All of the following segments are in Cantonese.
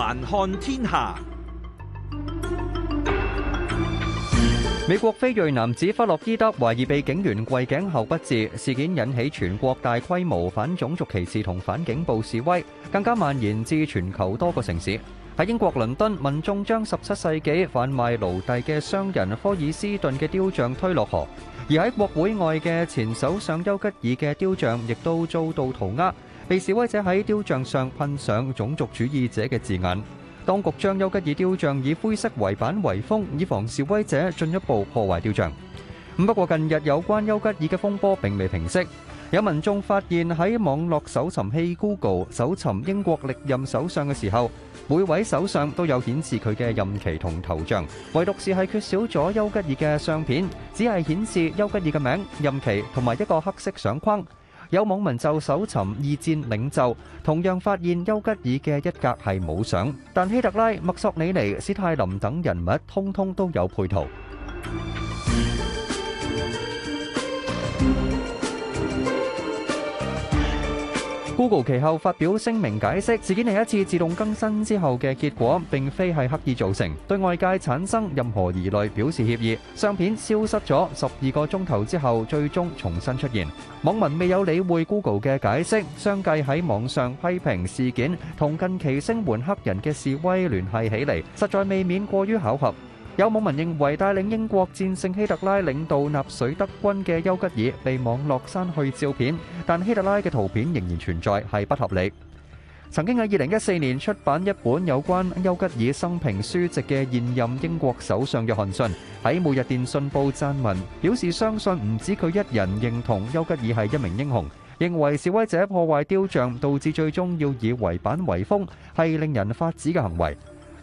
環看天下，美國非裔男子弗洛伊德懷疑被警員跪頸後不治，事件引起全國大規模反種族歧視同反警暴示威，更加蔓延至全球多個城市。喺英國倫敦，民眾將十七世紀販賣奴隸嘅商人科爾斯頓嘅雕像推落河，而喺國會外嘅前首相丘吉爾嘅雕像亦都遭到塗鴉。被示威者喺雕像上噴上種族主義者嘅字眼，當局將邱吉爾雕像以灰色圍板圍封，以防示威者進一步破壞雕像。咁不過近日有關邱吉爾嘅風波並未平息，有民眾發現喺網絡搜尋器 Google 搜尋英國歷任首相嘅時候，每位首相都有顯示佢嘅任期同頭像，唯獨是係缺少咗邱吉爾嘅相片，只係顯示邱吉爾嘅名、任期同埋一個黑色相框。有網民就搜尋二戰領袖，同樣發現丘吉爾嘅一格係冇相，但希特拉、墨索里尼、史泰林等人物通通都有配圖。Google 其後發表聲明解釋，事件係一次自動更新之後嘅結果，並非係刻意造成，對外界產生任何疑慮表示歉意。相片消失咗十二個鐘頭之後，最終重新出現。網民未有理會 Google 嘅解釋，相繼喺網上批評事件同近期聲援黑人嘅示威聯繫起嚟，實在未免過於巧合。有網民認為帶領英國戰勝希特拉領導納粹德軍嘅丘吉爾被網絡刪去照片，但希特拉嘅圖片仍然存在，係不合理。曾經喺二零一四年出版一本有關丘吉爾生平書籍嘅現任英國首相約翰遜喺《每日電訊報》撰文，表示相信唔止佢一人認同丘吉爾係一名英雄，認為示威者破壞雕像導致最終要以圍板圍封，係令人髮指嘅行為。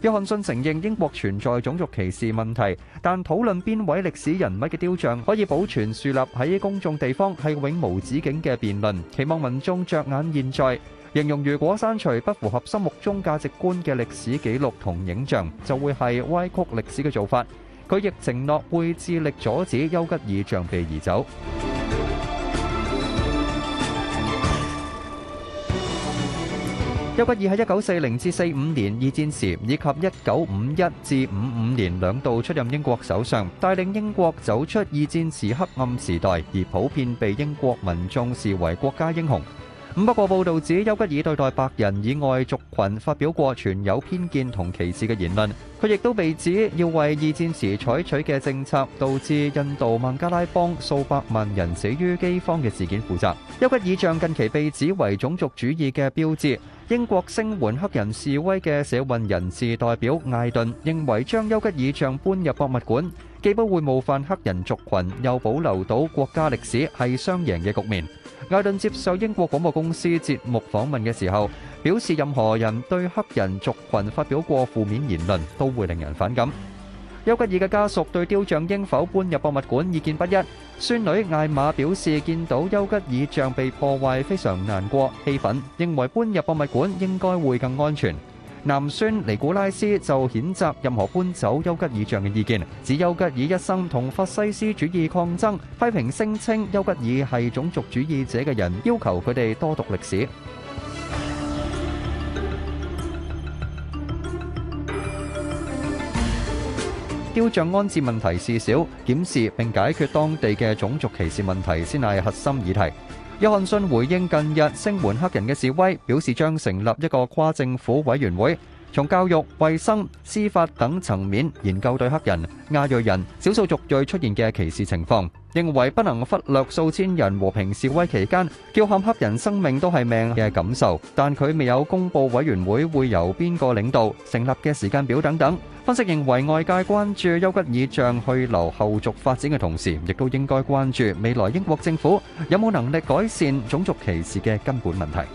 約翰遜承認英國存在種族歧視問題，但討論邊位歷史人物嘅雕像可以保存樹立喺公眾地方係永無止境嘅辯論，期望民眾着眼現在，形容如果刪除不符合心目中價值觀嘅歷史記錄同影像就會係歪曲歷史嘅做法。佢亦承諾會致力阻止邱吉爾像被移走。丘吉爾喺一九四零至四五年二戰時，以及一九五一至五五年兩度出任英國首相，帶領英國走出二戰時黑暗時代，而普遍被英國民眾視為國家英雄。咁不過報道指，丘吉爾對待白人以外族群發表過存有偏見同歧視嘅言論。佢亦都被指要為二戰時採取嘅政策，導致印度孟加拉邦數百萬人死於饑荒嘅事件負責。邱吉爾像近期被指為種族主義嘅標誌，英國聲援黑人示威嘅社運人士代表艾頓認為將邱吉爾像搬入博物館，既不會冒犯黑人族羣，又保留到國家歷史，係雙贏嘅局面。艾頓接受英國廣播公司節目訪問嘅時候，表示任何人對黑人族群發表過負面言論都會令人反感。邱吉爾嘅家屬對雕像應否搬入博物館意見不一。孫女艾瑪表示見到邱吉爾像被破壞，非常難過氣憤，認為搬入博物館應該會更安全。男孫尼古拉斯就譴責任何搬走邱吉爾像嘅意見，指邱吉爾一生同法西斯主義抗爭，批評聲稱邱吉爾係種族主義者嘅人，要求佢哋多讀歷史。雕像安置問題事小，檢視並解決當地嘅種族歧視問題先係核心議題。約翰遜回應近日聲援黑人嘅示威，表示將成立一個跨政府委員會。從教育、衛生、司法等層面研究對黑人、亞裔人、少數族裔出現嘅歧視情況，認為不能忽略數千人和平示威期間，叫喊黑人生命都係命嘅感受，但佢未有公布委員會會由邊個領導成立嘅時間表等等。分析認為外界關注邱吉爾像去留後續發展嘅同時，亦都應該關注未來英國政府有冇能力改善種族歧視嘅根本問題。